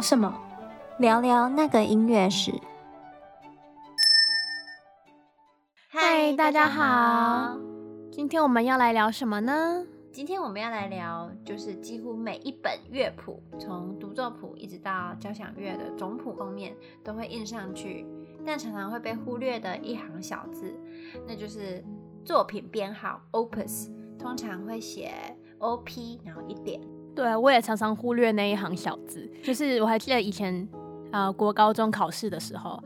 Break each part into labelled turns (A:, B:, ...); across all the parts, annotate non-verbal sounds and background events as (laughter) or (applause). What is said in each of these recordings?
A: 什麼？聊聊那個音樂史。
B: 嗨，大家好。今天我們要來聊什麼呢？
A: 今天我們要來聊，就是幾乎每一本樂譜，從獨奏譜一直到交響樂的總譜，封面都會印上去，但常常會被忽略的一行小字，那就是作品編號 Opus，通常會寫 Op，然後一點。
B: 對，我也常常忽略那一行小字。就是我還記得以前，呃，國高中考試的時候，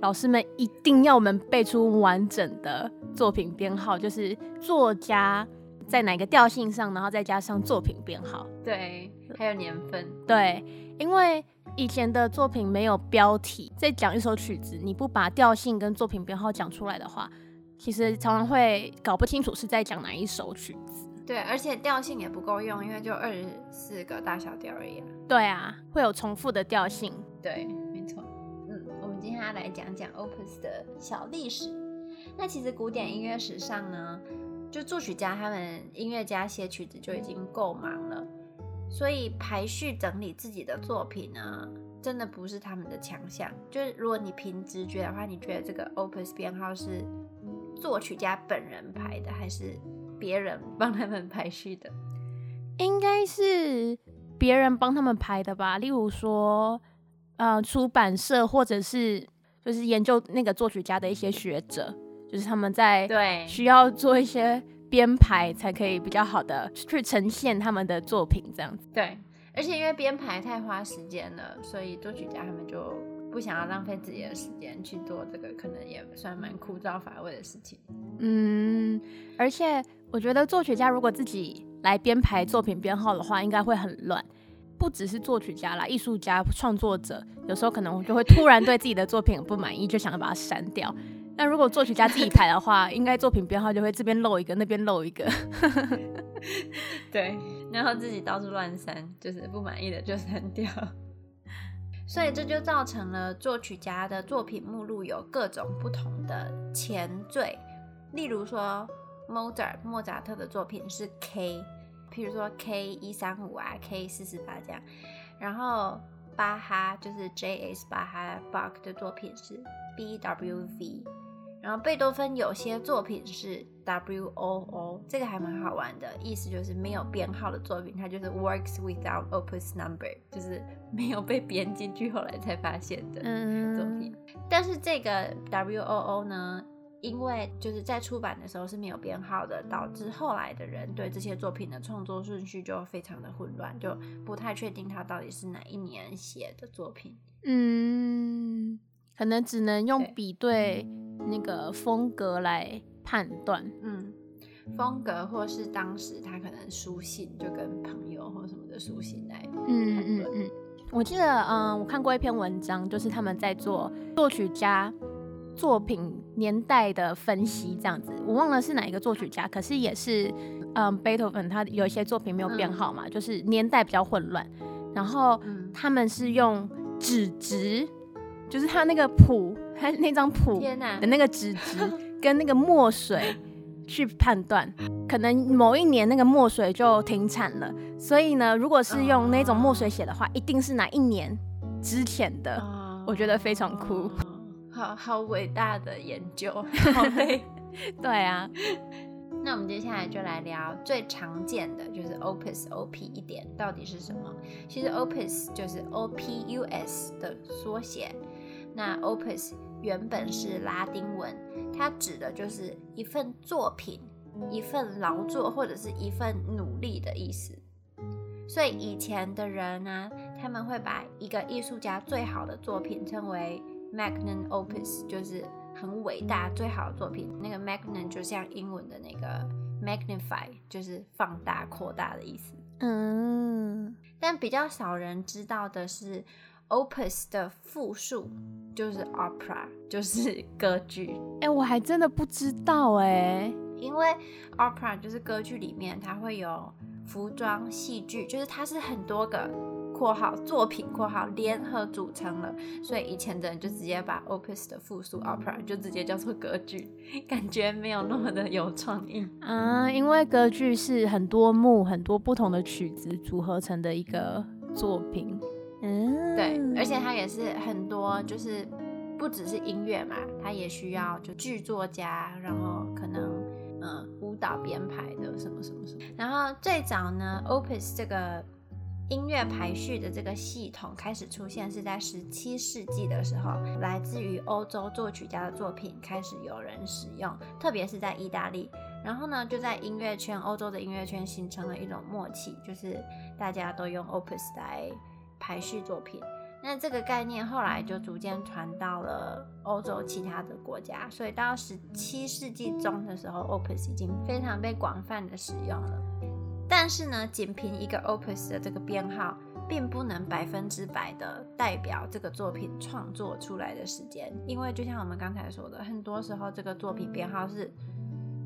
B: 老師們一定要我們背出完整的作品編號，就是作家在哪個調性上，然後再加上作品編號。
A: 對，還有年份。
B: 對，因為以前的作品沒有標題，在講一首曲子，你不把調性跟作品編號講出來的話，其實常常會搞不清楚是在講哪一首曲子。
A: 對，而且調性也不夠用，因為就二十四個大小調而已啊。
B: 對啊，會有重複的調性。對，沒錯。嗯，我們今天
A: 要來講講 Opus 的小歷史。那其實古典音樂史上呢，就作曲家他們音樂家寫曲子就已經夠忙了，所以排序整理自己的作品呢，真的不是他們的強項。就是如果你憑直覺的話，你覺得這個 Opus 編號是作曲家本人排的，還是？別人幫他們排序
B: 的，應該是別人幫他們排的吧？例如說，呃，出版社或者是就是研究那個作曲家的一些學者，就是他們在對需要做一些編排，才可以比較好的去呈現他們的作品，這樣子。對，
A: 而且因為編排太花時間了，所以作曲家他們就。不想要浪費自己的時間去做這個，可能也算蠻枯燥乏味的事情。
B: 嗯，而且我覺得作曲家如果自己來編排作品編號的話，應該會很亂。不只是作曲家啦，藝術家、創作者有時候可能就會突然對自己的作品不滿意， (laughs) 就想要把它刪掉。那如果作曲家自己排的話， (laughs) 應該作品編號就會這邊漏一個，那邊漏一個。
A: (laughs) 對，然後自己到處亂刪，就是不滿意的就刪掉。所以這就造成了作曲家的作品目錄，有各種不同的前綴，例如說 Mozart 莫扎特的作品是 K，譬如說 K 一三五啊，K 四四八這樣，然後巴哈就是 J.S. 巴哈 Bach 的作品是 B.W.V。然後貝多芬有些作品是 W O O，這個還蠻好玩的，意思就是沒有編號的作品，它就是 Works without Opus number，就是沒有被編進去，後來才發現的作品。嗯，但是這個 W O O 呢，因為就是在出版的時候是沒有編號的，導致後來的人對這些作品的創作順序就非常的混亂，就不太確定它到底是哪一年寫的作品。嗯，
B: 可能只能用比對，對。嗯那個風格來判斷，
A: 嗯，風格或是當時他可能書信就跟朋友或什麼的書信來判
B: 斷，嗯，嗯嗯嗯，我記得，嗯，我看過一篇文章，就是他們在做作曲家作品年代的分析，這樣子。我忘了是哪一個作曲家，可是也是，嗯，貝多芬他有一些作品沒有編號嘛，嗯，就是年代比較混亂，然後他們是用紙質。就是他那個譜，他那張譜的那個紙質跟那個墨水去判斷，可能某一年那個墨水就停產了，所以呢，如果是用那種墨水寫的話，一定是哪一年之前的。我覺得非常酷，
A: 好好偉大的研究，對， (laughs) 對啊。那我們接下來就來聊最常見的，就是 opus op 一點到底是什麼？其實 opus 就是 opus 的縮寫。那 opus 原本是拉丁文，它指的就是一份作品、一份勞作或者是一份努力的意思。所以以前的人呢、啊，他們會把一個藝術家最好的作品稱為 magnum opus，就是很偉大最好的作品。那個 magnum 就像英文的那個 magnify，就是放大擴大的意思。嗯，但比較少人知道的是，Opus 的複數就是 opera，就是歌劇。
B: 哎、欸，我還真的不知道哎、欸，
A: 因為 opera 就是歌劇裡面它會有服裝、戲劇，就是它是很多個（括號作品括號）聯合組成的，所以以前的人就直接把 Opus 的複數 opera 就直接叫做歌劇，感覺沒有那麼的有創意
B: 啊、嗯。因為歌劇是很多幕、很多不同的曲子組合成的一個作品。對，
A: 而且它也是很多，就是不只是音樂嘛，它也需要就劇作家，然後可能嗯舞蹈編排的什麼什麼什麼。然後最早呢，Opus 這個音樂排序的這個系統開始出現是在十七世紀的時候，來自於歐洲作曲家的作品開始有人使用，特別是在意大利。然後呢，就在音樂圈，歐洲的音樂圈形成了一種默契，就是大家都用 Opus 來。排序作品，那這個概念後來就逐漸傳到了歐洲其他的國家，所以到十七世紀中的時候，Opus 已經非常被廣泛的使用了。但是呢，僅憑一個 Opus 的這個編號，並不能百分之百的代表這個作品創作出來的時間，因為就像我們剛才說的，很多時候這個作品編號是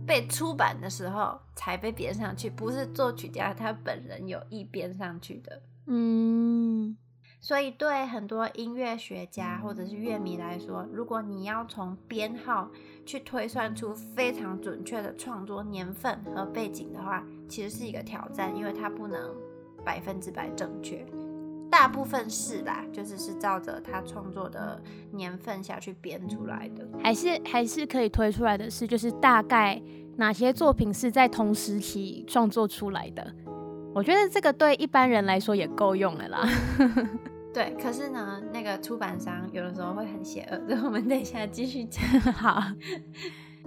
A: 被出版的時候才被編上去，不是作曲家他本人有意編上去的。嗯。所以，對很多音樂學家或者是樂迷來說，如果你要從編號去推算出非常準確的創作年份和背景的話，其實是一個挑戰，因為它不能百分之百正確。大部分是啦，就是是照着他創作的年份下去編出來的，還
B: 是還是可以推出來的是，就是大概哪些作品是在同時期創作出來的。我覺得這個對一般人來說也夠用了啦。嗯。
A: 對，可是呢，那個出版商有的時候會很邪惡，所以我們等一下繼續講。好，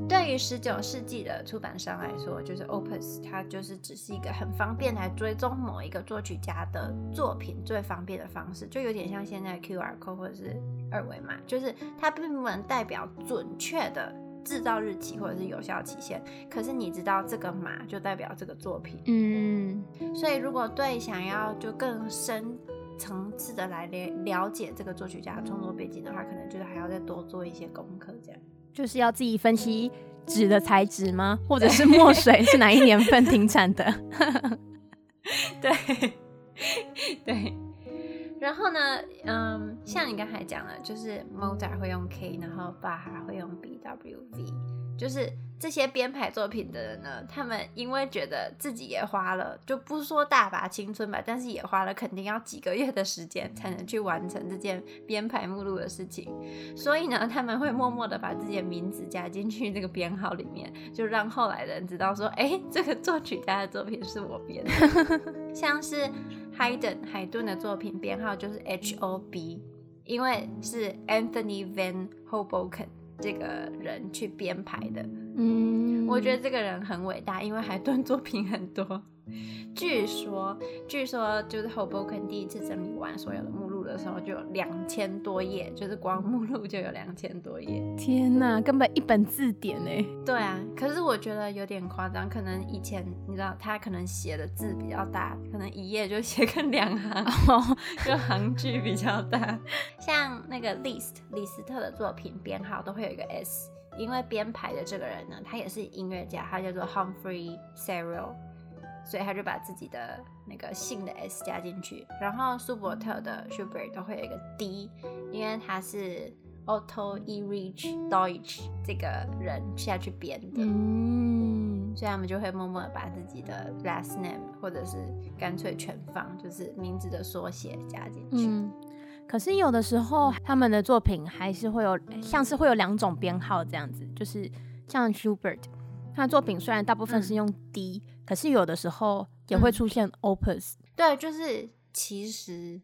A: 對於十九世紀的出版商來說，就是 Opus，它就是只是一個很方便來追蹤某一個作曲家的作品最方便的方式，就有點像現在 QR code 或者是二維碼，就是它並不能代表準確的。製造日期或者是有效期限，可是你知道這個碼就代表這個作品，
B: 嗯，
A: 所以如果對想要就更深層次的來了解這個作曲家創作背景的話，嗯，可能就是還要再多做一些功課，這樣
B: 就是要自己分析紙的材質嗎？或者是墨水是哪一年份停產的？
A: 對 (laughs) (laughs) 對。對然後呢，嗯，像你剛才講的就是 Mozart 會用 K，然後巴哈會用 BWV，就是這些編排作品的人呢，他們因為覺得自己也花了，就不說大把青春吧，但是也花了，肯定要幾個月的時間才能去完成這件編排目錄的事情，所以呢，他們會默默的把自己的名字加進去那個編號裡面，就讓後來的人知道說，哎，這個作曲家的作品是我編的， (laughs) 像是。海頓，海頓的作品編號就是 Hob，嗯，因為是 Anthony Van Hoboken 這個人去編排的。
B: 嗯，我覺得
A: 這個人很偉大，因為海頓作品很多。 (laughs) 據說，據說就是 Hoboken 第一次整理完所有的目錄。的時候就有兩千多頁，就是光目錄就有兩千多頁。
B: 天吶哪，對根本一本字典哎、欸。
A: 對啊，可是我覺得有點誇張。可能以前你知道他可能寫的字比較大，可能一頁就寫個兩行， (laughs) (laughs) 就行距比較大。 (laughs) 像那個 List 李斯特的作品編號都會有一個 S，因為編排的這個人呢，他也是音樂家，他叫做 Humphrey Searle，所以他就把自己的那個姓的 S 加進去，然後舒伯特的 Schubert 都會有一個 D，因為他是 Otto Erich Deutsch 這個人下去編
B: 的，
A: 嗯，所以他們就會默默把自己的 last name，或者是乾脆全放，就是名字的縮寫加進去。
B: 嗯，可是有的時候他們的作品還是會有，像是會有兩種編號這樣子，就是像 Schubert，他的作品雖然大部分是用 D，嗯。可是有的時候也會出現 Opus。嗯。
A: 對，就是其實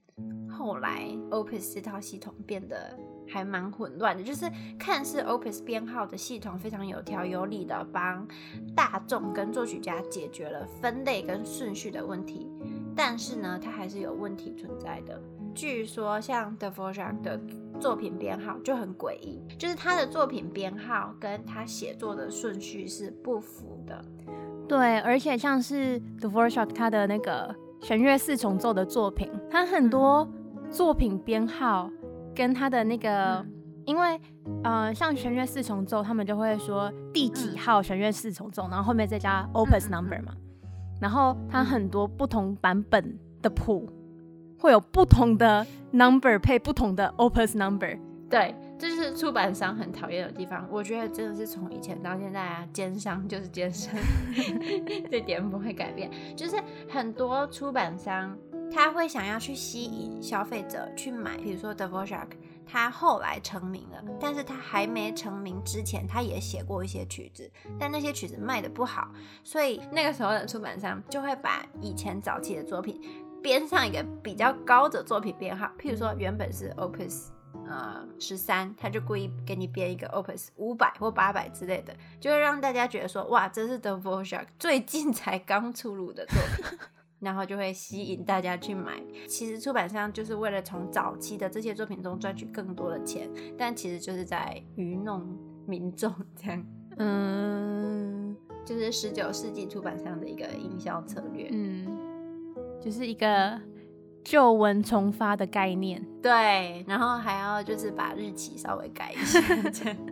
A: 後來 Opus 這套系統變得還蠻混亂的。就是看似 Opus 編號的系統非常有條有理的幫大眾跟作曲家解決了分類跟順序的問題，但是呢，它還是有問題存在的。嗯。據說像 Dvořák 的作品編號就很詭異，就是他的作品編號跟他寫作的順序是不符的。
B: 對，而且像是 d v o r s h c k 他的那個弦樂四重奏的作品，他很多作品編號跟他的那個，因為呃，像弦樂四重奏，他們就會說第幾號弦樂四重奏，然後後面再加 opus number 嘛。然後他很多不同版本的譜會有不同的 number 配不同的 opus number，對。
A: 這就是出版商很討厭的地方，我覺得真的是從以前到現在，啊，奸商就是奸商， (laughs) (laughs) 這點不會改變。就是很多出版商 (noise) 他會想要去吸引消費者去買，比如說 Dvořák，他後來成名了，但是他還沒成名之前，他也寫過一些曲子，但那些曲子賣得不好，所以那個時候的出版商就會把以前早期的作品編上一個比較高的作品編號，譬如說原本是 Opus。呃，十三，他就故意給你編一個 Opus 五百或八百之類的，就會讓大家覺得說，哇，這是德弗札克最近才剛出爐的作品， (laughs) 然後就會吸引大家去買。其實出版商就是為了從早期的這些作品中賺取更多的錢，但其實就是在愚弄民眾，這樣，嗯，就是十九世紀出版商的一個營銷策略，嗯，
B: 就是一個。舊文重發的概念，
A: 對，然後還要就是把日期稍微改一下，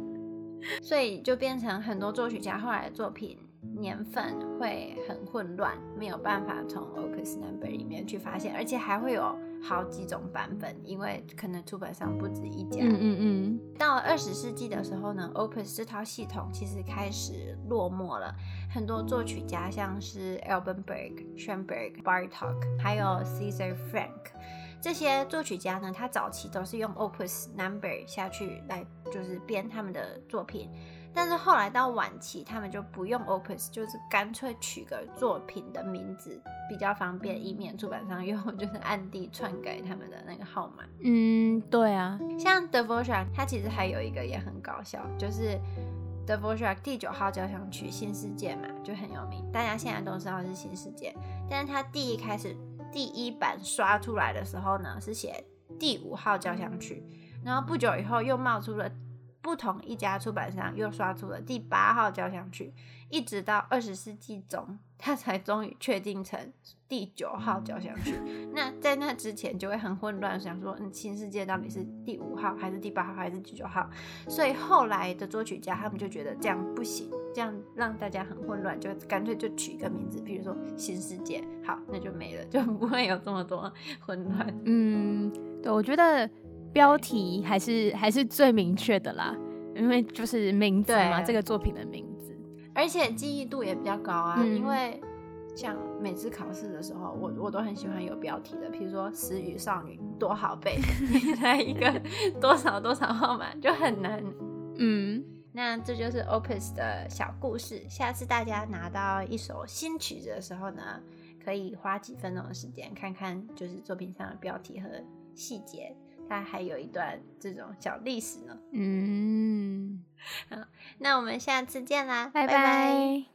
A: (laughs) 所以就變成很多作曲家後來的作品。年份會很混亂，沒有辦法從 Opus Number 裡面去發現，而且還會有好幾種版本，因為可能出版商不止一家。嗯，嗯嗯。到二十世紀的時候呢，Opus 這套系統其實開始落寞了，很多作曲家像是 Alban Berg、Schoenberg、Bartók、ok, 還有 César Franck 這些作曲家呢，他早期都是用 Opus Number 下去來就是編他們的作品。但是後來到晚期，他們就不用 Opus，就是乾脆取個作品的名字比較方便，以免出版商用就是暗地篡改他們的那個號碼。
B: 嗯，對啊，
A: 像德弗札克，他其實還有一個也很搞笑，就是德弗札克第九號交響曲《新世界》嘛，就很有名，大家現在都知道是《新世界》，但是他第一開始第一版刷出來的時候呢，是寫第五號交響曲，然後不久以後又冒出了。不同一家出版商又刷出了第八號交響曲，一直到二十世紀中，他才終於確定成第九號交響曲。那在那之前就會很混亂，想說，嗯，新世界到底是第五號還是第八號還是第九號？所以後來的作曲家他們就覺得這樣不行，這樣讓大家很混亂，就乾脆就取一個名字，比如說新世界。好，那就沒了，
B: 就不會有這麼多混亂。嗯，對，我覺得。標題還是還是最明確的啦，因為就是名字嘛，了這個作品的名字，
A: 而且記憶度也比較高啊。嗯、因為像每次考試的時候，我我都很喜歡有標題的，比如說《死與少女》，多好背，來 (laughs) (laughs) 一個多少多少號碼就很難。嗯，嗯，那這就是 Opus 的小故事。下次大家拿到一首新曲子的時候呢，可以花幾分鐘的時間看看，就是作品上的標題和細節。它還有一段這種小歷史呢。嗯，好，那我們下次見啦，拜拜。